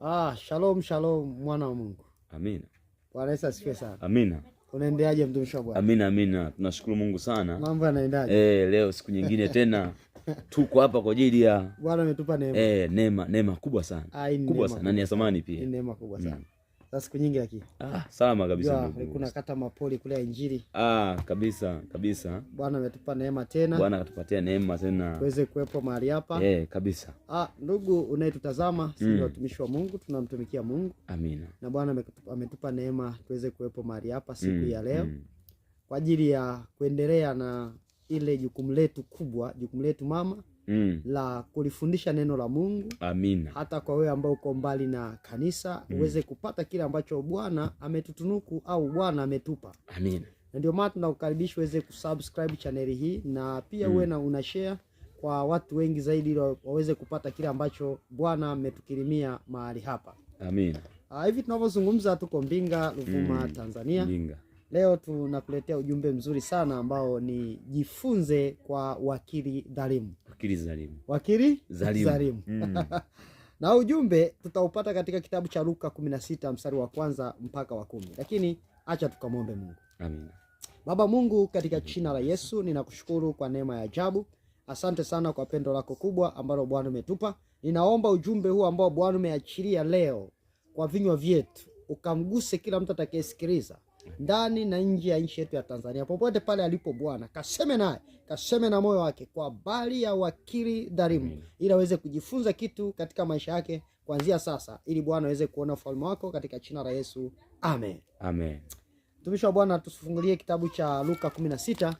Ah, shalom shalom mwana wa Mungu. Amina. Bwana Yesu asifiwe sana. Amina. Unaendeaje mtumishi wa Bwana? Amina, amina. Tunashukuru Mungu sana. Mambo yanaendaje? Eh, leo siku nyingine tena tuko hapa kwa ajili ya Bwana ametupa neema. Eh, neema, neema kubwa sana. Ai, kubwa sana. Na ni ya samani pia. Ni neema kubwa sana. Mm za siku nyingi lakini. Ah, salama kabisa Kuna kata mapoli kule ya Injili. Ah, kabisa kabisa. Bwana ametupa neema tena. Bwana akatupatia neema tena. Tuweze kuwepo mahali hapa. Eh, kabisa. Ah, ndugu unayetutazama, sisi mm. watumishi wa Mungu tunamtumikia Mungu. Amina. Na Bwana ametupa neema tuweze kuwepo mahali hapa siku mm. ya leo. Mm. Kwa ajili ya kuendelea na ile jukumu letu kubwa, jukumu letu mama mm. la kulifundisha neno la Mungu. Amina. Hata kwa wewe ambao uko mbali na kanisa mm. uweze kupata kile ambacho Bwana ametutunuku au Bwana ametupa. Amina. Na ndio maana tunakukaribisha uweze kusubscribe chaneli hii na pia mm. uwe na una share kwa watu wengi zaidi ili waweze kupata kile ambacho Bwana ametukirimia mahali hapa. Amina. Ah, hivi tunavyozungumza tuko Mbinga, Ruvuma, mm. Tanzania. Mbinga. Leo tunakuletea ujumbe mzuri sana ambao ni jifunze kwa wakili dhalimu. Wakili dhalimu. Wakili dhalimu. Mm. na ujumbe tutaupata katika kitabu cha Luka 16 mstari wa kwanza mpaka wa kumi, lakini acha tukamwombe Mungu. Amina. Baba Mungu, katika jina la Yesu ninakushukuru kwa neema ya ajabu. Asante sana kwa pendo lako kubwa ambalo Bwana umetupa. Ninaomba ujumbe huu ambao Bwana umeachilia leo kwa vinywa vyetu ukamguse kila mtu atakayesikiliza ndani na nje ya nchi yetu ya Tanzania, popote pale alipo Bwana kaseme naye, kaseme na moyo wake kwa bali ya wakili Dharimu, ili aweze kujifunza kitu katika maisha yake kuanzia sasa, ili Bwana aweze kuona ufalme wako katika jina la Yesu, amen, amen. Mtumishi wa Bwana, tusifungulie kitabu cha Luka kumi na sita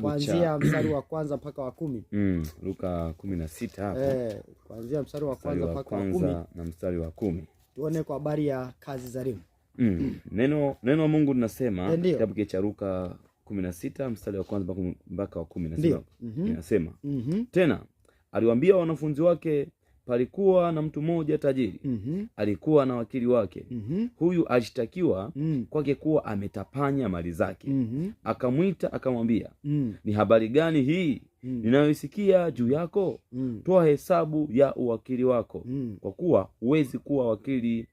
kuanzia cha... mstari wa kwanza mpaka wa kumi. Mm, Luka kumi na sita hapo eh, kuanzia mstari wa kwanza mpaka wa kumi na mstari wa kumi tuone kwa habari ya kazi Dharimu. Mm. mm. Neno neno Mungu linasema eh, kitabu kile cha Luka kumi na sita mstari wa kwanza mpaka wa kumi mm-hmm. nasema, mm -hmm. Tena aliwaambia wanafunzi wake, palikuwa na mtu mmoja tajiri mm -hmm. alikuwa na wakili wake mm -hmm. huyu alishtakiwa mm -hmm. kwake kuwa ametapanya mali zake mm -hmm. akamwita akamwambia, mm -hmm. ni habari gani hii Mm. ninayoisikia juu yako? Mm. Toa hesabu ya uwakili wako, mm. kwa kuwa huwezi kuwa wakili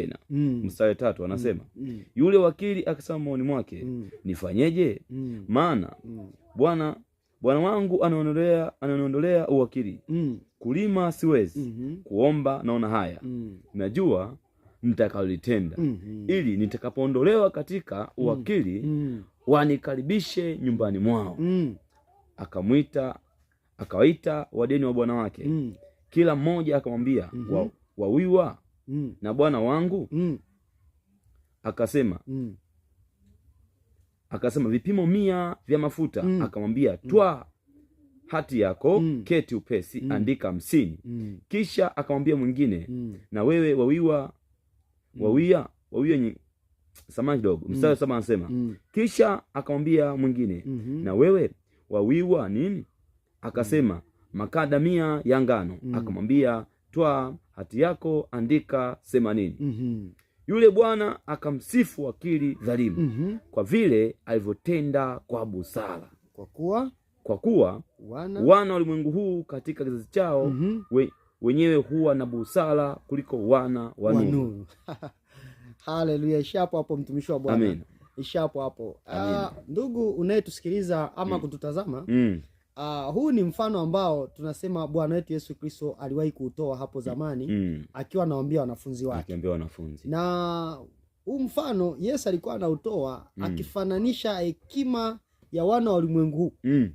tena mm. mstari tatu anasema mm. mm. yule wakili akasema maoni mwake mm. nifanyeje? Mm. maana mm. bwana bwana wangu ananiondolea ananiondolea uwakili mm. kulima siwezi mm -hmm. kuomba naona haya mm. najua nitakalolitenda mm -hmm. ili nitakapoondolewa katika mm. uwakili mm. wanikaribishe nyumbani mwao mm. akamwita akawaita wadeni wa bwana wake mm. kila mmoja akamwambia mm -hmm. wawiwa mm. na bwana wangu mm. akasema mm. akasema vipimo mia vya mafuta mm. akamwambia twa hati yako mm. keti upesi mm. andika hamsini mm. kisha akamwambia mwingine mm. na wewe wawiwa mm. wawia wawia nyi... samani kidogo mm. mstari mm. saba anasema mm. kisha akamwambia mwingine mm -hmm. na wewe wawiwa nini akasema mm. makada mia ya ngano mm. akamwambia twaa hati yako, andika themanini. mm -hmm. Yule bwana akamsifu akili dhalimu mm -hmm. kwa vile alivyotenda kwa busara, kwa kuwa kwa kuwa wana, wana ulimwengu huu katika kizazi chao mm -hmm. we, wenyewe huwa na busara kuliko wana wa nuru. Haleluya! Ishapo hapo mtumishi wa Bwana, ishapo hapo. Ah, ndugu unayetusikiliza ama mm. kututazama mm. Uh, huu ni mfano ambao tunasema Bwana wetu Yesu Kristo aliwahi kuutoa hapo zamani mm. akiwa anawaambia wanafunzi wake, akiambia wanafunzi. Na huu mfano Yesu alikuwa anautoa mm. akifananisha hekima ya wana wa ulimwengu huu mm.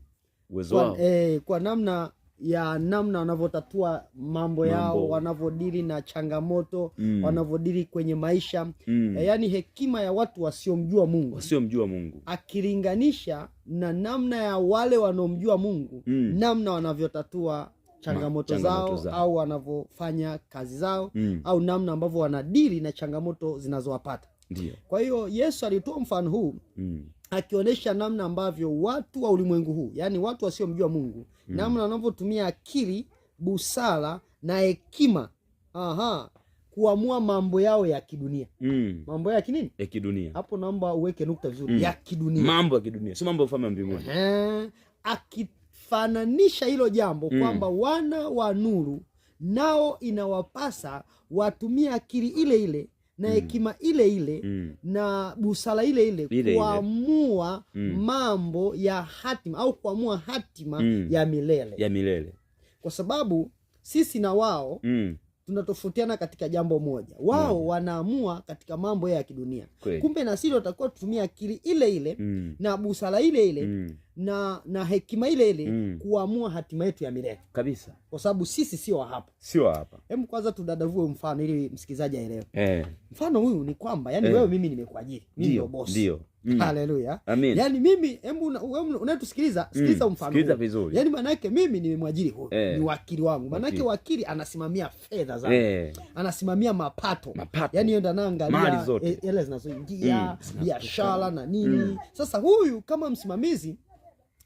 kwa, eh, kwa namna ya namna wanavyotatua mambo yao, wanavyodili na changamoto mm. wanavyodili kwenye maisha mm. yaani hekima ya watu wasiomjua Mungu, wasiomjua Mungu akilinganisha na namna ya wale wanaomjua Mungu mm. namna wanavyotatua changamoto, Ma, zao, zao au wanavyofanya kazi zao mm. au namna ambavyo wanadili na changamoto zinazowapata. Kwa hiyo Yesu alitoa mfano huu mm akionyesha namna ambavyo watu wa ulimwengu huu, yaani watu wasiomjua Mungu mm. namna wanavyotumia akili, busara na hekima aha, kuamua mambo yao ya kidunia mm. mambo yao ya kinini, ya kidunia. Hapo naomba uweke nukta vizuri mm. ya kidunia, mambo ya kidunia, sio mambo ya ufalme wa mbinguni. Akifananisha hilo jambo mm. kwamba wana wa nuru nao inawapasa watumie akili ile ile na mm. hekima mm. ile ile mm. na busara ile ile, ile kuamua mm. mambo ya hatima au kuamua hatima mm. ya milele ya milele, kwa sababu sisi na wao mm. tunatofautiana katika jambo moja. Wao mm. wanaamua katika mambo ya kidunia, kumbe na sisi tutakuwa tutumia akili ile ile mm. na busara ile ile mm na na hekima ile ile mm. kuamua hatima yetu ya milele kabisa, kwa sababu sisi sio wa hapa, sio wa hapa. Hebu kwanza tudadavue mfano ili msikizaji aelewe eh. Mfano huyu ni kwamba yani eh. Wewe mimi nimekuajiri mimi ndio boss ndio mm. Haleluya, amen. Yani mimi hebu wewe unayetusikiliza mm. sikiliza mm. mfano, sikiliza vizuri. Yani maana yake mimi nimemwajiri huyu eh. ni wakili wangu, maana yake wakili anasimamia fedha zangu eh. anasimamia mapato, mapato. Yani yenda naangalia ile e, zinazoingia mm. biashara mm. na nini mm. Sasa huyu kama msimamizi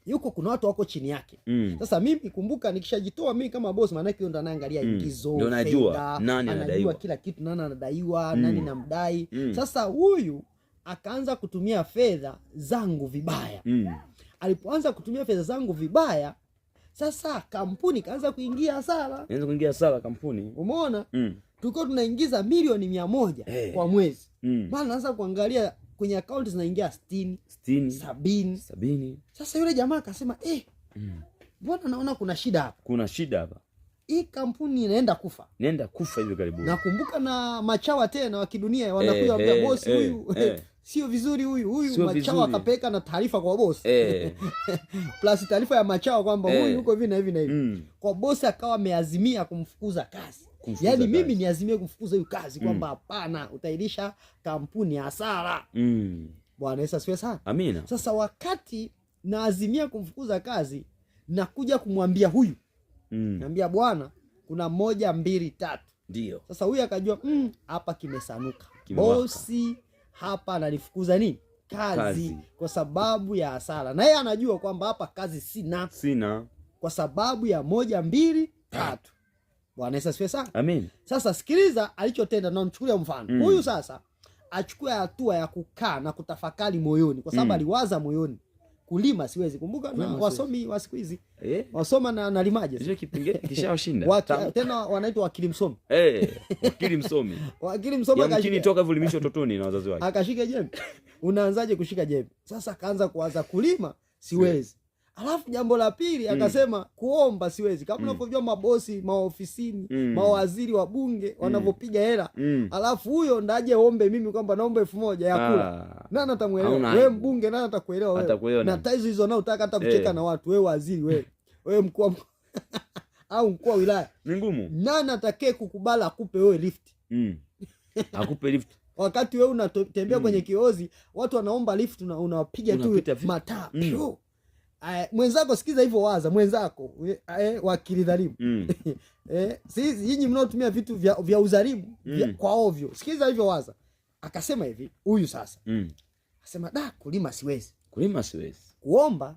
yuko kuna watu wako chini yake mm. Sasa mimi kumbuka, nikishajitoa mimi kama boss, maana yake ndo anaangalia mm. ingizo, ndo najua nani anadaiwa kila kitu, nani anadaiwa mm. nani namdai mm. Sasa huyu akaanza kutumia fedha zangu vibaya mm. Alipoanza kutumia fedha zangu vibaya, sasa kampuni kaanza kuingia hasara, inaanza kuingia hasara kampuni, umeona mm. Tulikuwa tunaingiza milioni mia moja hey. Eh. kwa mwezi mm. Maana naanza kuangalia kwenye akaunti zinaingia sitini sitini sabini sabini Sasa yule jamaa akasema eh, mm. mbona mm. naona kuna shida hapa, kuna shida hapa, hii kampuni inaenda kufa, inaenda kufa hivi karibuni. Nakumbuka na machawa tena wa kidunia wanakuja hey, hey, bosi huyu hey. Eh, eh. sio vizuri huyu huyu Machao akapeka na taarifa kwa bosi eh. plus taarifa ya Machao kwamba huyu eh. huyu hivi na hivi na hivi mm. kwa bosi akawa ameazimia kumfukuza kazi kumfukuza yani kazi. mimi niazimia kumfukuza huyu kazi kwamba mm. hapana, mm. utairisha kampuni hasara mm. Bwana Yesu asifiwe sana, amina. Sasa wakati naazimia kumfukuza kazi, nakuja kumwambia huyu mm. naambia bwana, kuna moja mbili tatu, ndio sasa huyu akajua mm, hapa mm, kimesanuka bosi hapa analifukuza nini kazi, kazi, kwa sababu ya hasara, na yeye anajua kwamba hapa kazi sina, sina kwa sababu ya moja mbili tatu. Bwana Yesu asifiwe sana, amen. Sasa sikiliza alichotenda na mchukulia mfano mm. huyu mm. Sasa achukue hatua ya kukaa na kutafakari moyoni, kwa sababu mm. aliwaza moyoni kulima siwezi kumbuka na wasomi wa siku hizi eh, wasoma na nalimaje kipinge tena wanaitwa wakili msomi eh, wakili msomi wakili msomi yaani akashika toka vulimisho totoni na wazazi wake akashika jembe. Unaanzaje kushika jembe? Sasa kaanza kuanza kulima siwezi Alafu jambo la pili mm. akasema kuomba siwezi, kama mm. unavyojua mm. mabosi maofisini mm. mawaziri wa bunge mm. wanavyopiga hela mm. alafu huyo ndaje ombe mimi kwamba naomba elfu moja ya kula, ah. nani atamwelewa wewe? Mbunge nani atakuelewa wewe? na taizo hizo nao utaka hata kucheka hey. Eh. na watu wewe, waziri we wewe mkuu wa au mkuu wa wilaya ni ngumu, nani atakaye kukubali akupe wewe lift mm. akupe lift wakati wewe unatembea mm. kwenye kiozi, watu wanaomba lift, unawapiga una tu mataa mm. Ae, mwenzako sikiza hivyo waza mwenzako ae, wakili dhalimu mm. e, eh, sisi nyinyi mnaotumia vitu vya, vya udhalimu mm. kwa ovyo, sikiza hivyo waza. Akasema hivi huyu sasa mm. asema da, kulima siwezi, kulima siwezi, kuomba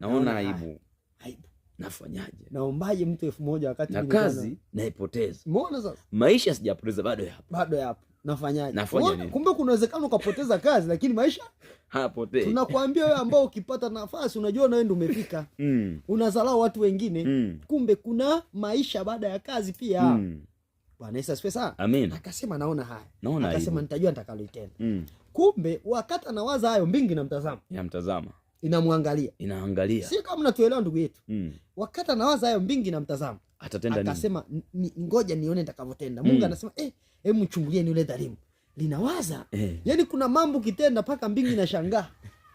naona aibu, aibu nafanyaje? Naombaje mtu elfu moja wakati na kazi naipoteza. Umeona sasa, maisha sijapoteza, bado yapo, bado yapo nafanyaje? Nafanya nini? Kumbe kuna uwezekano ukapoteza kazi, lakini maisha hayapotei. Tunakwambia wewe ambao ukipata nafasi unajua na wewe ndio umefika. Mm. Unadharau watu wengine. Mm. Kumbe kuna maisha baada ya kazi pia. Mm. Bwana Yesu asifiwe sana. Amen. Akasema naona haya. Naona akasema nitajua nitakaloitenda. Mm. Kumbe wakati anawaza hayo mbingu inamtazama. Inamtazama. Inamwangalia. Inaangalia. Sio kama mnatuelewa ndugu yetu. Mm. Wakati anawaza hayo mbingu inamtazama. Atatenda nini? Akasema ngoja nione nitakavyotenda. Mungu mm. anasema eh hebu mchungulieni yule dhalimu linawaza eh. Yani kuna mambo kitenda mpaka mbingi na shangaa.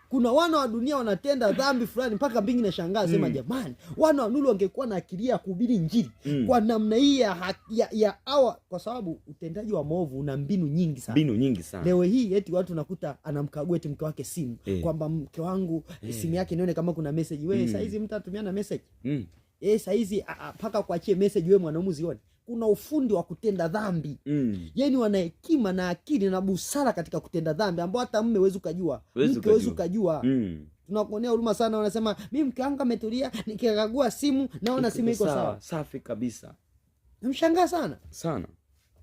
Kuna wana wa dunia wanatenda dhambi fulani mpaka mbingi na shangaa sema mm. Jamani, wana wa nuru wangekuwa na akili ya kuhubiri Injili mm. kwa namna hii ya, ya, ya awa, kwa sababu utendaji wa maovu una mbinu nyingi sana, mbinu nyingi sana. Leo hii eti watu nakuta anamkagua eti mke wake simu eh. kwamba mke wangu eh. simu yake nione kama kuna message wewe mm. Saizi mtu atumiana message mm. eh, saizi mpaka kuachie message wewe mwanaume uzione kuna ufundi wa kutenda dhambi mm. Yani wana hekima na akili na busara katika kutenda dhambi ambao hata mme wezi ukajua, mke wezi ukajua mm. Tunakuonea huruma sana, wanasema mi mke wangu ametulia, nikikagua simu naona simu iko sawa safi kabisa. Namshangaa sana sana.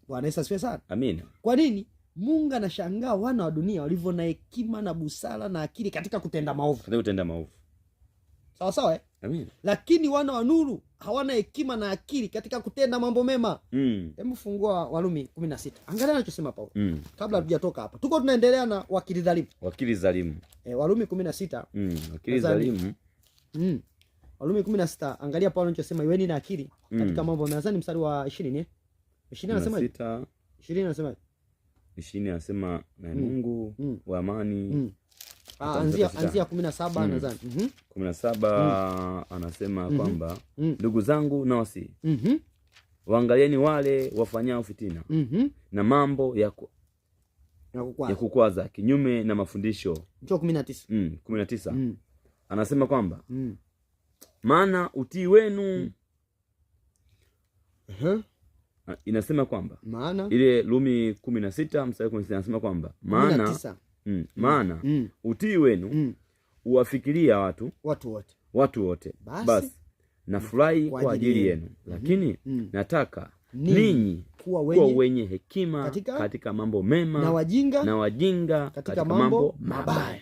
Bwana Yesu asifiwe sana, amin Kwa nini? Mungu anashangaa wana wa dunia walivyo na hekima na busara na akili katika kutenda maovu, katika kutenda maovu sawasawa, eh? Amin. Lakini wana wa nuru hawana hekima na akili katika kutenda mambo mema. Mm. fungua Warumi 16. Angalia anachosema Paulo. Mm. Kabla hatujatoka hapa. Tuko tunaendelea na wakili dhalimu. Wakili dhalimu. Eh, Warumi 16. Mm. Wakili dhalimu. Mm. Warumi 16. Angalia Paulo anachosema iweni na akili mm. katika mambo mema. Nadhani mstari wa 20 eh. 20 anasema 20 anasema 20 anasema na mm. Mungu mm. wa amani mm anzia anzia kumi na saba hmm. nadhani mhm. kumi na saba hmm. anasema mhm. kwamba hmm. ndugu zangu nawasihi mhm. waangalieni wale wafanyao fitina na mambo ya ya kukwaza kinyume na mafundisho kumi na tisa anasema kwamba maana utii wenu ah, inasema kwamba maana ile lumi kumi na sita mstari anasema kwamba maana Mm. mm. maana mm. utii wenu mm. uwafikiria watu watu wote watu wote basi, basi. nafurahi mm. kwa ajili yenu mm-hmm. lakini mm. nataka ninyi kuwa wenye, kuwa wenye hekima katika, katika mambo mema na wajinga, na wajinga katika, katika mambo mabaya.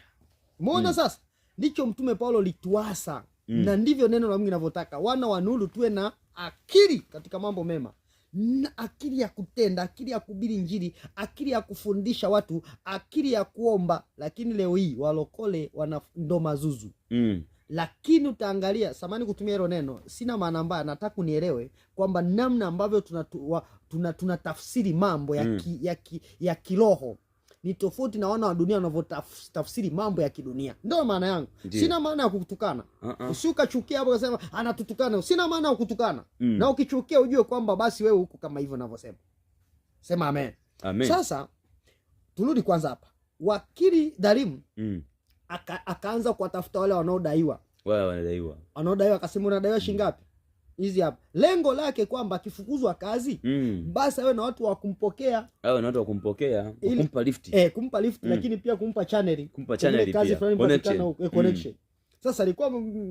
Umeona mm. Sasa ndicho Mtume Paulo lituasa mm. na ndivyo neno la Mungu inavyotaka wana wa nuru tuwe na akili katika mambo mema na akili ya kutenda, akili ya kuhubiri Injili, akili ya kufundisha watu, akili ya kuomba. Lakini leo hii walokole wana ndo mazuzu mm. Lakini utaangalia, samani kutumia hilo neno, sina maana mbaya, nataka unielewe kwamba namna ambavyo tunatafsiri tuna, tuna, tuna mambo ya, mm. ki, mm. ya, ki, ya kiroho ni tofauti na wana wa dunia wanavyotafsiri mambo ya kidunia. Ndio maana yangu, sina maana ya kukutukana. uh -uh. Usi ukachukia hapo kasema anatutukana, sina maana ya kukutukana. mm. Na ukichukia ujue kwamba basi wewe huko kama hivyo navyosema. Sema amen. Amen. Sasa turudi kwanza hapa, wakili dhalimu mm. akaanza aka kuwatafuta wale wanaodaiwa, wale wanaodaiwa, wanaodaiwa akasema unadaiwa shilingi ngapi? hizi hapa, lengo lake kwamba akifukuzwa kazi mm. basi awe na watu wa kumpokea, awe na watu wa kumpokea, kumpa lift eh, kumpa lift mm. lakini pia kumpa channel, kumpa channel pia kazi fulani connection, eh, mm. connection. Mm. Sasa alikuwa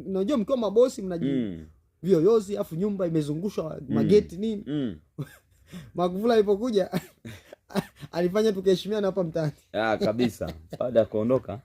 unajua, mkiwa mabosi mnaji mm. vioyozi afu nyumba imezungushwa mm. mageti nini mm. Magufuli alipokuja alifanya tukaheshimiana hapa mtaani ah, kabisa baada ya kuondoka.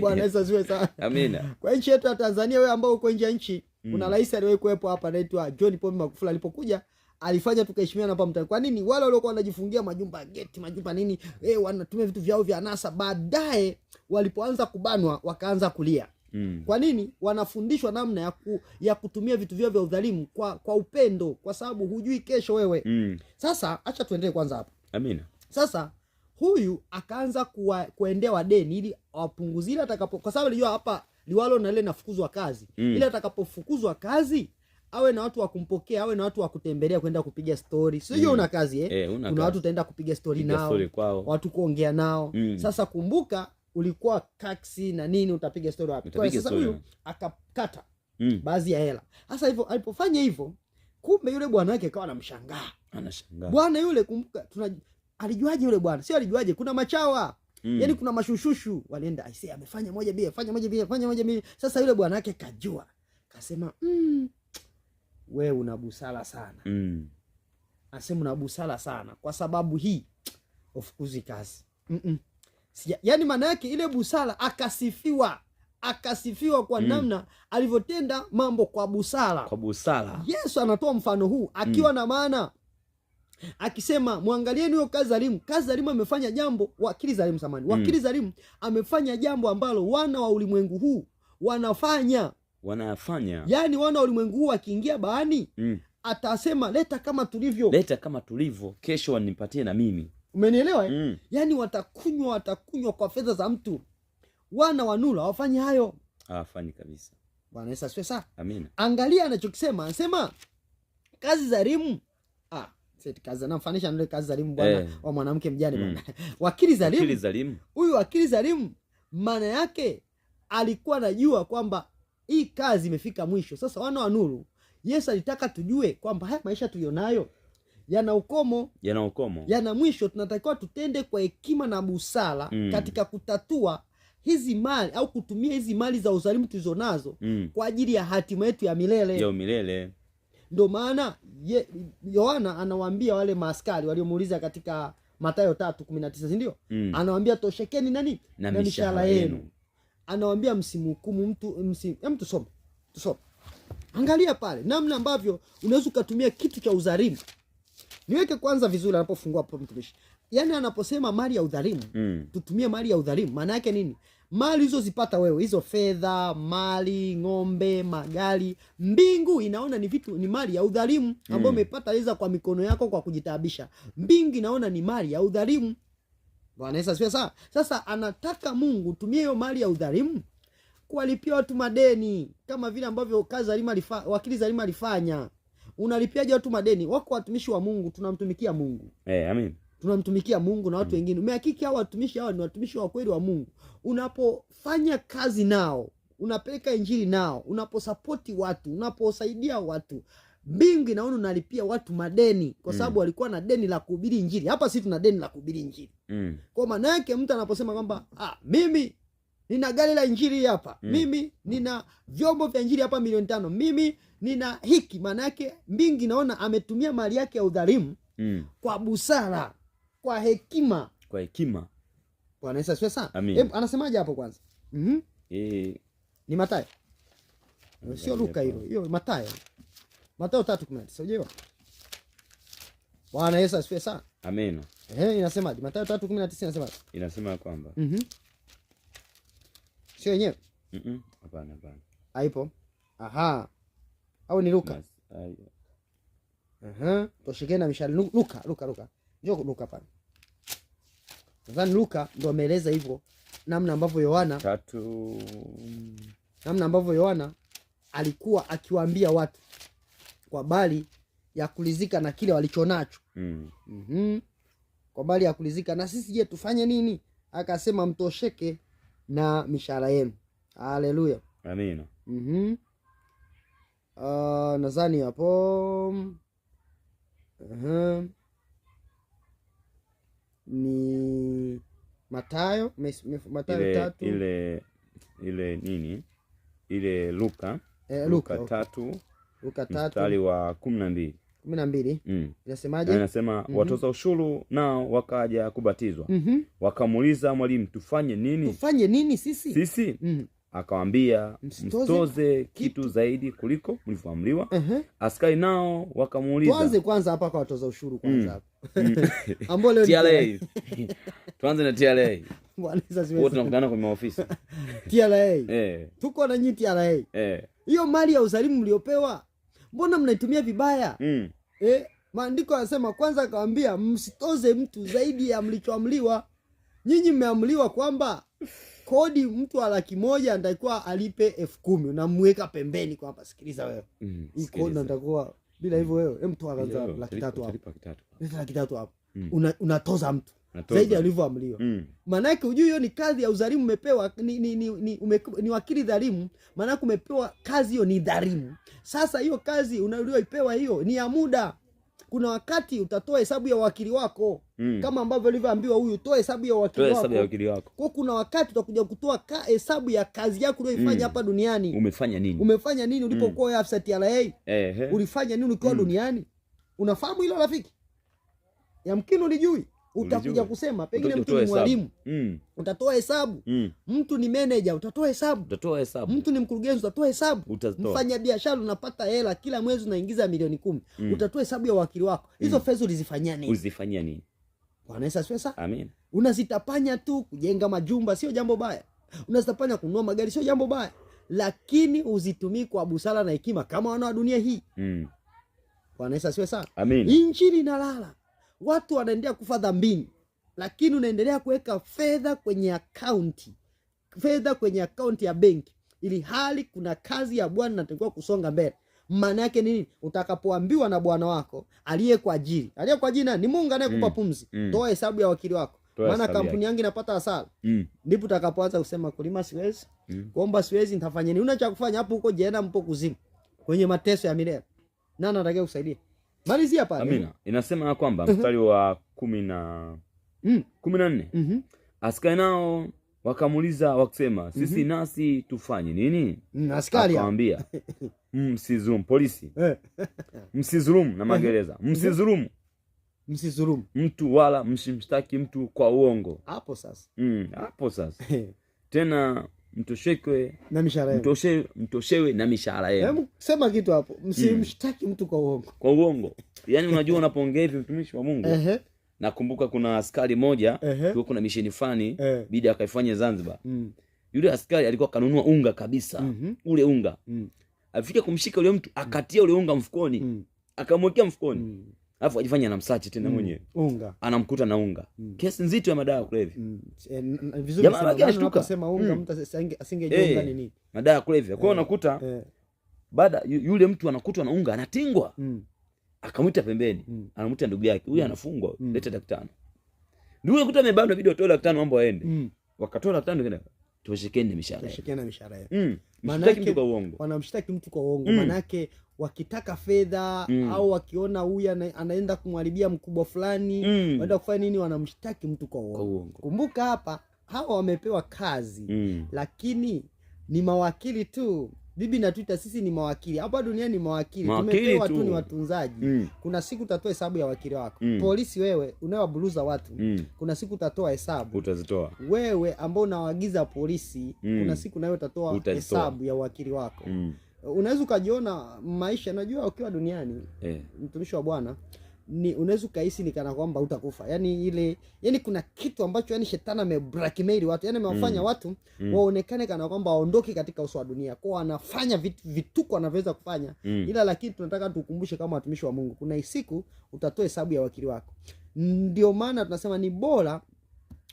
Bwana Yesu asiwe sana, amina. Kwa nchi yetu ya Tanzania, wewe ambao uko nje ya nchi kuna mm. rais aliwahi kuwepo hapa anaitwa John Pombe Magufuli, alipokuja alifanya tukaheshimiana hapa mtaani. Kwa nini? Wale waliokuwa wanajifungia majumba ya geti, majumba nini, eh, wanatumia vitu vyao vya anasa, baadaye walipoanza kubanwa wakaanza kulia. Mm. Kwa nini? Wanafundishwa namna ya, ku, ya kutumia vitu vyao vya udhalimu kwa, kwa upendo, kwa sababu hujui kesho wewe. Mm. Sasa acha tuendelee kwanza hapo. Amina. Sasa huyu akaanza kuwa, kuendea wadeni ili awapunguzie atakapo, kwa sababu alijua hapa Liwalo na ile nafukuzwa kazi mm. Ile atakapofukuzwa kazi awe na watu wa kumpokea, awe na watu wa kutembelea, kwenda kupiga stori, sio mm. Una kazi eh? Eh, una kuna watu utaenda kupiga stori nao, watu kuongea nao mm. Sasa kumbuka ulikuwa kaksi na nini, utapiga stori wapi? Kwa sasa huyu akakata mm. baadhi ya hela. Sasa hivyo alipofanya hivyo, kumbe yule bwana wake akawa anamshangaa, anashangaa bwana yule. Kumbuka tuna alijuaje yule bwana, sio alijuaje, kuna machawa Mm. Yaani kuna mashushushu walienda aise amefanya moja bia, fanya moja bia, fanya moja bia. Sasa yule bwana yake kajua. Kasema, "Mm, we una busara sana." Mm. Asema una busara sana kwa sababu hii ufukuzi kazi. Mm -mm. Sija, yaani maana yake ile busara akasifiwa akasifiwa kwa mm. namna alivyotenda mambo kwa busara. Kwa busara. Yesu anatoa mfano huu akiwa mm. na maana akisema mwangalieni huyo kazi Zalimu. Kazi Zalimu amefanya jambo, wakili Zalimu samani, mm. wakili mm. Zalimu amefanya jambo ambalo wana wa ulimwengu huu wanafanya wanafanya, yani wana wa ulimwengu huu akiingia baani mm. atasema leta kama tulivyo, leta kama tulivyo, kesho wanipatie na mimi, umenielewa eh? mm. yani watakunywa watakunywa kwa fedha za mtu. Wana wa Nuru hawafanyi hayo, hawafanyi kabisa. Bwana Yesu asifiwe sana, amina. Angalia anachokisema, anasema kazi za rimu kazi namfanisha kazi zalimu bwana eh, wa mwanamke mjane mm. wakili zalimu, zalimu huyu wakili zalimu maana yake alikuwa anajua kwamba hii kazi imefika mwisho. Sasa wana wa nuru, Yesu alitaka tujue kwamba haya maisha tulionayo yana ukomo, yana ukomo, yana mwisho. Tunatakiwa tutende kwa hekima na busara mm. katika kutatua hizi mali au kutumia hizi mali za uzalimu tulizonazo mm. kwa ajili ya hatima yetu ya milele, ya milele. Ndio maana Yohana anawaambia wale maaskari waliomuuliza katika matayo tatu kumi na tisa sindio Mm. anawambia toshekeni nani na, na mishahara yenu. anawambia msimhukumu mtu msi, tusome tusome, angalia pale namna ambavyo unaweza ukatumia kitu cha udharimu Niweke kwanza vizuri anapofungua hapo mtumishi, yaani anaposema mali ya udharimu mm. tutumie mali ya udhalimu, maana yake nini? mali ulizozipata wewe hizo fedha, mali, ng'ombe, magari, mbingu inaona ni vitu ni mali ya udhalimu ambayo mm. umepata mm. weza kwa mikono yako kwa kujitaabisha. Mbingu inaona ni mali ya udhalimu. Bwana Yesu asifiwe sana. Sasa anataka Mungu tumie hiyo mali ya udhalimu kuwalipia watu madeni kama vile ambavyo kazi Zalima alifa, wakili Zalima alifanya. Unalipiaje watu madeni? Wako watumishi wa Mungu tunamtumikia Mungu. Eh, hey, amen tunamtumikia Mungu na watu mm. wengine. Umehakiki hawa watumishi hawa ni watumishi wa kweli wa Mungu. Unapofanya kazi nao, unapeleka injili nao, unaposapoti watu, unaposaidia watu mbingu inaona unalipia watu madeni kwa mm. sababu mm. walikuwa na deni la kuhubiri njiri Hapa si tuna deni la kuhubiri njiri mm. kwa maana yake mtu anaposema kwamba ah, mimi nina gari la injili hapa mm. mimi nina vyombo vya njiri hapa milioni tano, mimi nina hiki, maana yake mbingu inaona ametumia mali yake ya udharimu mm. kwa busara kwa hekima, kwa hekima. Bwana Yesu asifiwe sana. Hebu anasemaje hapo kwanza? Mhm. Mm eh. Ni matayo Sio Luka hilo. Hiyo Mathayo. Mathayo 3:19. Unajua? Bwana Yesu asifiwe sana. Amen. Eh, inasemaje? Mathayo 3:19 inasema. Inasema kwamba. Mhm. Mm sio yenyewe? Mhm. Mm hapana, -mm. hapana. Haipo. Aha. Au ni Luka? Yes. Aha. Toshikeni na mishale Luka, Luka, Luka. Njoo Luka pale. Nadhani Luka ndo ameeleza hivyo namna ambavyo Yohana tatu, namna ambavyo Yohana alikuwa akiwaambia watu kwa bali ya kulizika na kile walichonacho mm. mm -hmm. Kwa bali ya kulizika na sisi, je, tufanye nini? Akasema mtosheke na mishahara yenu. Haleluya, amina. mm -hmm. Uh, nadhani hapo uh -huh ni Matayo, Matayo ile, tatu ile, ile nini ile Luka e, Luka, Luka okay. tatu Luka tatu mstari wa kumi na mbili kumi na mbili mm. Inasemaje? Inasema mm -hmm. Watoza ushuru nao wakaja kubatizwa mm -hmm. Wakamuuliza, Mwalimu, tufanye nini? Tufanye nini sisi, sisi? Mm. -hmm akawambia msitoze, kitu zaidi kuliko mlivyoamriwa. uh -huh. Askari nao wakamuuliza, tuanze kwanza hapa kwa watoza ushuru kwanza mm. ambao leo TRA, tuanze na TRA wote tunakutana kwa maofisi TRA. Eh, tuko na nyinyi TRA. Eh, hiyo mali ya uzalimu mliopewa mbona mnaitumia vibaya? mm. Eh, maandiko yanasema kwanza, akawambia msitoze mtu zaidi ya mlichoamliwa. Nyinyi mmeamliwa kwamba kodi mtu wa laki moja anatakiwa alipe elfu kumi unamweka pembeni kwa sikiliza wewe mm, hii kodi natakuwa bila hivyo wewe hem tu akaanza laki tatu hapo laki tatu hapo mm. unatoza mtu zaidi alivyoamliwa. mm. Maanake hujui hiyo ni kazi ya udhalimu umepewa, ni, ni, ni, ni, ume, ni wakili dhalimu, maanake umepewa kazi hiyo, ni dhalimu. Sasa hiyo kazi ulioipewa hiyo ni ya muda kuna wakati utatoa hesabu ya wakili wako mm. kama ambavyo alivyoambiwa huyu, toa hesabu ya wakili wako, ya wakili wako. Kwa kuna wakati utakuja kutoa hesabu ya kazi yako uliyoifanya mm. hapa mm. duniani. Umefanya nini? Umefanya nini ulipokuwa mm. afisa TRA? hey. ulifanya nini ukiwa mm. duniani? Unafahamu hilo rafiki? Yamkini ulijui utakuja kusema pengine mtu ni mwalimu mm. utatoa hesabu mm. mtu ni meneja utatoa hesabu utatoa hesabu mtu ni mkurugenzi utatoa hesabu mfanya biashara unapata hela kila mwezi unaingiza milioni kumi mm. utatoa hesabu ya wakili wako hizo mm. fedha ulizifanyia nini ulizifanyia nini bwana yesu asifiwe sana amen unazitapanya tu kujenga majumba sio jambo baya unazitapanya kununua magari sio jambo baya lakini uzitumii kwa busara na hekima kama wana wa dunia hii mm. bwana yesu asifiwe sana amen injili inalala watu wanaendelea kufa dhambini, lakini unaendelea kuweka fedha kwenye akaunti fedha kwenye akaunti ya benki, ili hali kuna kazi ya Bwana natakiwa kusonga mbele. Maana yake nini? Utakapoambiwa na bwana wako aliyekuajiri, aliyekuajiri nani? Ni Mungu anayekupa mm, pumzi mm. Toa hesabu ya wakili wako maana kampuni yangu inapata hasara mm. Ndipo utakapoanza kusema kulima siwezi mm. kuomba siwezi, nitafanya nini? Una cha kufanya hapo, huko jehanamu, mpo kuzimu, kwenye mateso ya milele. Nani anatakiwa kusaidia? Malizia pale. Amina. Inasema ya kwamba uh-huh. mstari wa kumi na mm. kumi na nne mm-hmm. askari nao wakamuuliza wakisema, sisi mm -hmm. nasi tufanye nini? Mm, askari akamwambia msizulumu, polisi eh. msizulumu na magereza uh-huh. msizulumu msizulumu mtu wala msimshtaki mtu kwa uongo. Hapo sasa mm, hapo mm, sasa tena mtoshekwe na mishahara yenu, mtoshewe mtoshewe na mishahara yenu. Sema kitu hapo, msimshtaki mm. mtu kwa uongo, kwa uongo. yani unajua unapoongea hivi mtumishi wa Mungu nakumbuka kuna askari moja kulikuwa kuna misheni fulani eh. bidi akaifanya Zanzibar mm. yule askari alikuwa kanunua unga kabisa mm -hmm. ule unga mm. afika kumshika yule mtu akatia ule unga mfukoni mm. akamwekea mfukoni mm alafu na msachi tena mm. mwenyewe mm. unga anamkuta na unga mm. kesi nzito ya madawa ya kulevya ya mm. eh, mm. eh, kulevya kwao hiyo eh, unakuta baada yule mtu anakutwa na unga anatingwa mm. akamwita pembeni mm. anamwita ndugu yake huyu mm. anafungwa mm. leta daktano ndugu anakuta amebana video toa daktari mambo aende mm. wakatoa daktari tuwashikeni mishahara tuwashikeni mishahara yetu mm. mtu kwa uongo, wanamshtaki mtu kwa uongo mm. Manake wakitaka fedha mm. au wakiona huyu anaenda kumharibia mkubwa fulani mm. wanaenda kufanya nini? Wanamshtaki mtu kwa uongo, kwa uongo. Kumbuka hapa hawa wamepewa kazi mm. lakini ni mawakili tu bibi na twitter sisi ni mawakili hapa duniani, ni mawakili, tumepewa tu ni watunzaji mm. Kuna siku utatoa hesabu ya wakili wako mm. Polisi wewe unayewaburuza watu mm. Kuna siku utatoa hesabu, utazitoa wewe ambao unawaagiza polisi mm. Kuna siku nawe utatoa hesabu ya wakili wako mm. Unaweza ukajiona maisha, najua ukiwa duniani eh. Mtumishi wa Bwana ni unaweza ukahisi ni kana kwamba utakufa. Yani ile yani kuna kitu ambacho yani shetani amebrackmail watu, yani amewafanya mm. watu mm. waonekane kana kwamba waondoke katika uso wa dunia, kwa wanafanya vitu vituko wanavyoweza kufanya mm. ila, lakini tunataka tukumbushe kama watumishi wa Mungu, kuna isiku utatoa hesabu ya wakili wako. Ndio maana tunasema ni bora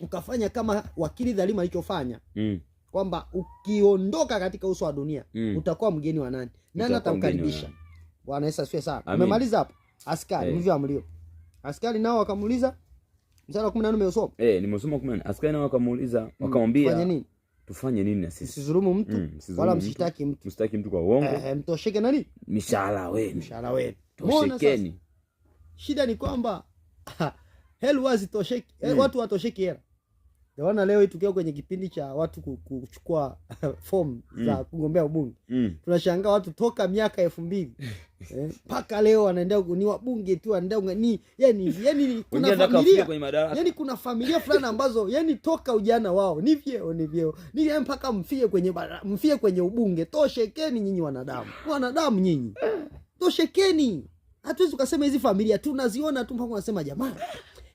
ukafanya kama wakili dhalimu alichofanya mm kwamba ukiondoka katika uso wa dunia mm. utakuwa mgeni wa nani? Nani atamkaribisha? Bwana Yesu asifiwe sana. Umemaliza hapo? askari hivyo eh. hey. amlio askari nao wakamuuliza mstari wa 14 umesoma eh? Hey, nimeosoma 14. Askari nao wakamuuliza mm. wakamwambia, fanye nini? Tufanye nini na sisi? Msidhulumu mtu mm, wala msitaki mtu, msitaki mtu kwa uongo eh, eh, mtosheke nani mishahara wenu, mishahara wenu toshekeni. Shida ni kwamba helu wazitosheki eh, mm. Watu watosheki hela Ndoona leo hii tukiwa kwenye kipindi cha watu kuchukua fomu mm. za mm. kugombea ubunge mm. tunashangaa watu toka miaka elfu mbili eh, mpaka eh, leo wanaendea ni wabunge tu wanaendea ni yani yani kuna familia yani kuna familia fulani ambazo yani toka ujana wao ni vyeo ni vyeo ni yani mpaka mfie kwenye mfie kwenye ubunge. Toshekeni nyinyi wanadamu, wanadamu nyinyi, toshekeni. Hatuwezi ukasema hizi familia tunaziona tu mpaka unasema jamani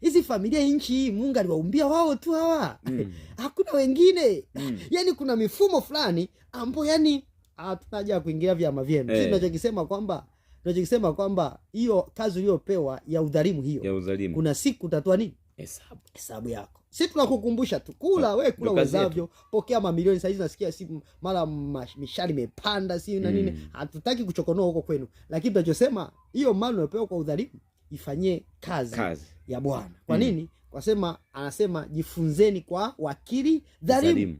hizi familia nchi hii Mungu aliwaumbia wao tu hawa mm. hakuna wengine mm. yani kuna mifumo fulani ambayo yani hatunaja kuingilia vyama vyenu hey. Eh. tunachokisema kwamba tunachokisema kwamba hiyo kazi uliyopewa ya udhalimu hiyo ya udhalimu. kuna siku utatoa nini hesabu hesabu yako si tunakukumbusha tu kula ah, we kula wezavyo pokea mamilioni sahizi nasikia si mara mishari imepanda si na nini mm. hatutaki kuchokonoa huko kwenu lakini tunachosema hiyo mali unapewa kwa udhalimu ifanyie kazi, kazi ya Bwana. Kwa mm. nini? Mm. Kwa anasema jifunzeni kwa wakili dhalimu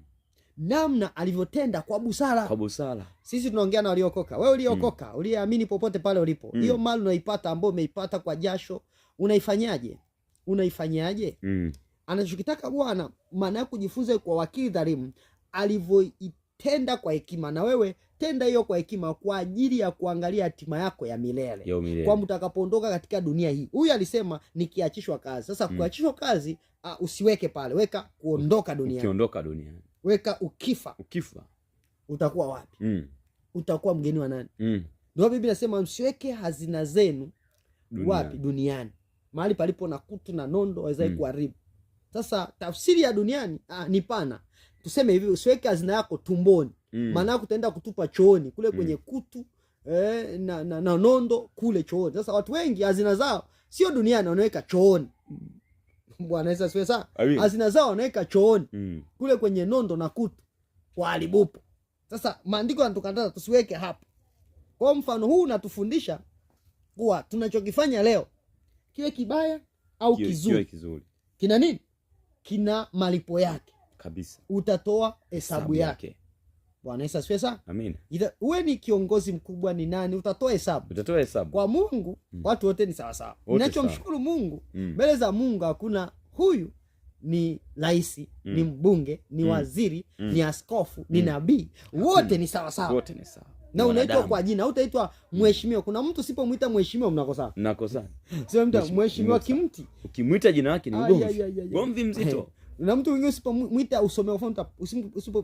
namna alivyotenda kwa busara. Kwa busara sisi tunaongea na waliokoka. Wewe uliokoka, mm. uliyeamini, popote pale ulipo, mm. hiyo mm. mali unaipata ambayo umeipata kwa jasho, unaifanyaje? Unaifanyaje? mm. Anachokitaka Bwana maana ya kujifunza kwa wakili dhalimu alivyoitenda kwa hekima, na wewe tenda hiyo kwa hekima, kwa ajili ya kuangalia hatima yako ya milele, milele, kwa mtakapoondoka katika dunia hii. Huyu alisema nikiachishwa kazi. Sasa mm. kuachishwa kazi uh, usiweke pale, weka kuondoka dunia. Ukiondoka dunia. weka ukifa, ukifa utakuwa wapi? mm. utakuwa mgeni wa nani? mm. Ndio Biblia inasema msiweke hazina zenu dunia. Wapi? Duniani, mahali palipo na kutu na nondo wawezai mm. kuharibu. Sasa tafsiri ya duniani ah, ni pana. Tuseme hivi, usiweke hazina yako tumboni mm. maana kutaenda kutupa chooni kule mm. kwenye mm. kutu eh, na, na, na nondo kule chooni. Sasa watu wengi hazina zao sio duniani wanaweka chooni. Mm. Bwana Yesu asifiwe sana. Hazina zao wanaweka chooni mm. kule kwenye nondo na kutu waharibupo. Sasa maandiko yanatukataza tusiweke hapo. Kwa mfano huu unatufundisha kuwa tunachokifanya leo kiwe kibaya au kiwe, kizuri, kiwe kizuri kina nini? Kina malipo yake kabisa, utatoa hesabu yake, yake. Bwana Yesu asifiwe sana. Amina. Uwe ni kiongozi mkubwa ni nani, utatoa hesabu. Utatoa hesabu. Kwa Mungu mm. watu wote ni sawa sawa. Ninachomshukuru Mungu mm. mbele za Mungu hakuna huyu ni rais mm. ni mbunge ni mm. waziri mm. ni askofu mm. mm. ni nabii, wote ni sawa sawa, wote ni sawa na unaitwa kwa jina, utaitwa mm. mheshimiwa. Kuna mtu usipomwita mheshimiwa, mnakosana mnakosana. Sio mtu mheshimiwa kimti, ukimwita jina lake ni ugomvi, Gomvi mzito. na mtu mwingine usipomwita usome, kwa mfano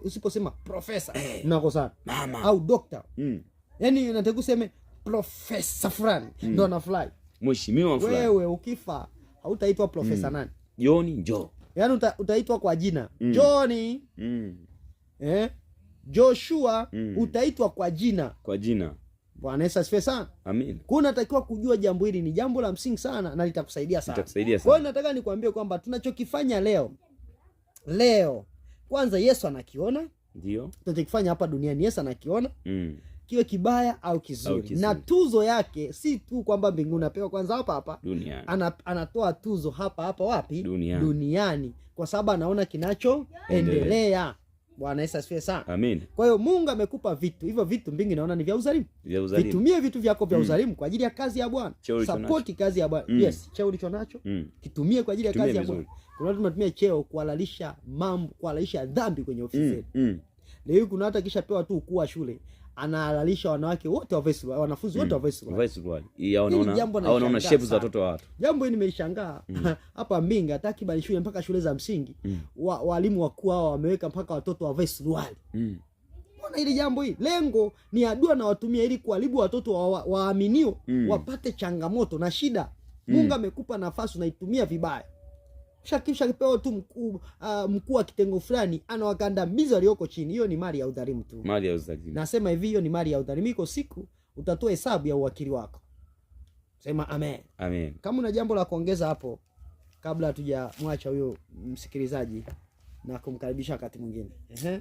usiposema profesa hey, eh, nako sana mama au dokta mm, yani unataka kuseme profesa fulani mm, ndo anafly mheshimiwa fulani. Wewe ukifa hautaitwa profesa mm, nani Joni njo, yani uta, utaitwa kwa jina mm, Joni mm, eh Joshua mm, utaitwa kwa jina kwa jina. Bwana Yesu asifiwe sana. Amin. Kwa natakiwa kujua jambo hili ni jambo la msingi sana na litakusaidia sana. Litakusaidia sana. Kwa hiyo nataka nikwambie kwamba tunachokifanya leo leo kwanza Yesu anakiona ndio tunachokifanya hapa duniani, Yesu anakiona mm. kiwe kibaya au kizuri. Kizuri na tuzo yake si tu kwamba mbinguni apewa kwanza hapa hapa Ana, anatoa tuzo hapa hapa wapi? Duniani, duniani. Kwa sababu anaona kinachoendelea Bwana Yesu asifiwe sana. Amen. Kwa hiyo Mungu amekupa vitu hivyo, vitu mbingi naona ni vya uzalimu. Vitumie vitu vyako vya mm. uzalimu kwa ajili ya kazi ya Bwana, support kazi ya Bwana. Mm. Yes, cheo ulicho nacho mm. kitumie kwa ajili ya kazi ya Bwana. Kuna watu wanatumia cheo kuhalalisha mambo, kuhalalisha dhambi kwenye ofisi mm, zetu. Mm. Mm. Leo kuna hata kisha pewa tu ukuu wa shule anahalalisha wanawake wote wavae wanafunzi wote hmm. Wanaona shepu za watoto wa watu. Jambo hii nimeishangaa hmm. hapa Mbinga, takriban shule mpaka shule za msingi hmm. walimu wakuu hao wameweka mpaka watoto wavae suruali. mm hili jambo hii lengo ni adua na watumia ili kuharibu watoto waaminio wa, wa wapate changamoto na shida. Mungu amekupa nafasi, unaitumia vibaya. Shakisha akipewa tu mkuu uh, mkuu wa kitengo fulani anawakandamiza walioko chini. Hiyo ni mali ya udhalimu tu, mali ya udhalimu. Nasema hivi, hiyo ni mali ya udhalimu. Iko siku utatoa hesabu ya uwakili wako. Sema amen, amen. Kama una jambo la kuongeza hapo, kabla hatujamwacha huyo msikilizaji na kumkaribisha wakati mwingine. Ehe,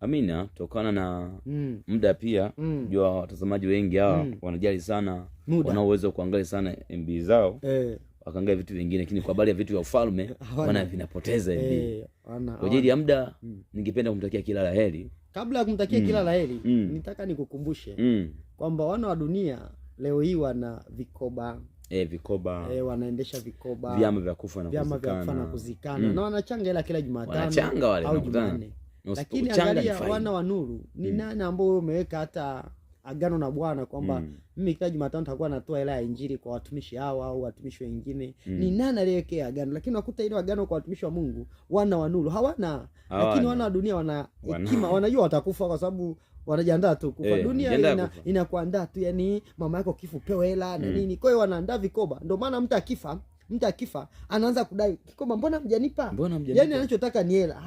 amina. Tokana na mm. muda pia mm. jua watazamaji wengi hawa mm. wanajali sana, wana uwezo kuangalia sana MB zao eh wakaangalia vitu vingine, lakini kwa habari ya vitu vya ufalme wana vinapoteza hivi. Eh, kwa ajili ya muda mm. Ningependa kumtakia kila la heri. Kabla ya kumtakia mm. kila la heri mm. mm. nitaka nikukumbushe mm. kwamba wana wa dunia leo hii wana vikoba E, vikoba e, wanaendesha vikoba, vyama vya kufa na vyama vya kufa na kuzikana mm. na wanachanga hela kila Jumatano wanachanga wale au Jumanne, lakini angalia wana wa nuru ni mm. nani ambao umeweka hata agano na Bwana kwamba mm. mimi kila Jumatano takuwa natoa hela ya injili kwa watumishi hawa au watumishi wengine mm. ni nani aliyewekea agano? Lakini unakuta ile agano kwa watumishi wa Mungu wana wa nuru hawana, lakini wana wa dunia wana hekima, wanajua watakufa kwa sababu wanajiandaa tu kufa. E, dunia ina, inakuandaa tu, yani mama yako kifu pewe hela na mm. nini kwa hiyo wanaandaa vikoba, ndio maana mtu akifa mtu akifa anaanza kudai Kikoba, mbona mjanipa? Yani anachotaka ni hela.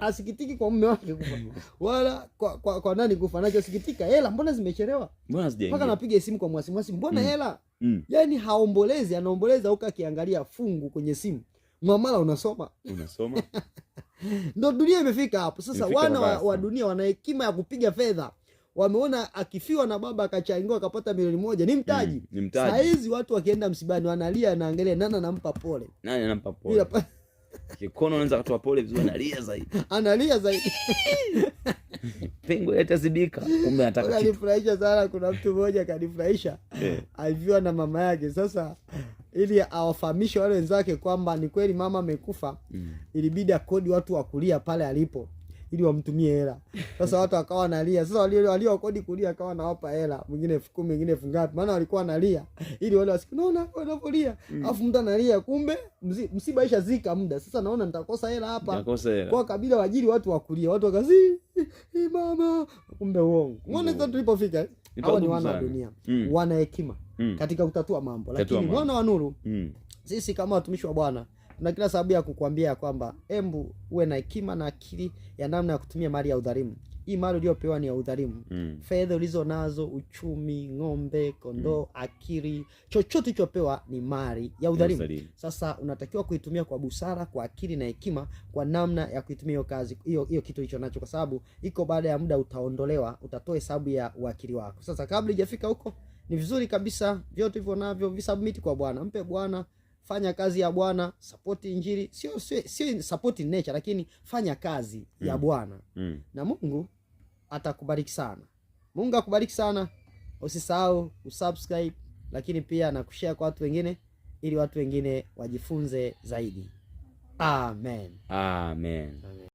asikitiki kwa mume wake kufa wala kwa, kwa, kwa nani kufa, anachosikitika hela. Mbona zimechelewa? mpaka napiga simu kwa mwasimwasi mbona mm. hela mm. Yani haombolezi, anaomboleza uka akiangalia fungu kwenye simu, mwamala unasoma unasoma ndo dunia imefika hapo sasa. Wana wa, wa dunia wana hekima ya kupiga fedha wameona akifiwa na baba akachangiwa akapata milioni moja ni mtaji mm, ni mtaji. watu wakienda msibani wanalia, anaangalia nani anampa pole, nani anampa pole Kikono anaweza pole vizuri, analia zaidi, analia zaidi pengo Kumbe sana. Kuna mtu mmoja kanifurahisha, eh. aliviwa na mama yake. Sasa ili awafahamishe wale wenzake kwamba ni kweli mama amekufa, mm. ilibidi akodi watu wakulia pale alipo ili wamtumie hela. Sasa watu wakawa nalia. Sasa waliokodi kulia akawa nawapa hela, mwingine elfu kumi, mwingine elfu ngapi, maana walikuwa nalia ili wale wasiku naona wanavolia mm. afu mtu analia, kumbe msiba isha zika muda. Sasa naona nitakosa hela hapa kwa kabila wajili, watu wakulia, watu wakazi mama, kumbe uongo. Mm. Unaona sasa tulipofika hawa ni wana wa dunia mm. wana hekima mm. katika kutatua mambo, lakini mwana wa nuru mm. sisi kama watumishi wa Bwana tuna kila sababu ya kukuambia kwamba embu uwe na hekima na akili ya namna ya kutumia mali ya udhalimu. Hii mali uliopewa ni ya udhalimu mm. Fedha ulizo nazo, uchumi, ng'ombe, kondoo mm. akili, chochote ulichopewa ni mali ya udhalimu. Sasa unatakiwa kuitumia kwa busara, kwa akili na hekima, kwa namna ya kuitumia hiyo kazi, hiyo kitu hicho nacho, kwa sababu iko baada ya muda utaondolewa, utatoa hesabu ya uakili wako. Sasa kabla ijafika huko, ni vizuri kabisa vyote hivyo navyo visubmit kwa Bwana, mpe Bwana fanya kazi ya Bwana, sapoti injiri sio sio, sio nature, lakini fanya kazi mm. ya Bwana mm. na Mungu atakubariki sana. Mungu akubariki sana. Usisahau kusubscribe, lakini pia na kushare kwa watu wengine, ili watu wengine wajifunze zaidi. Amen, amen, amen.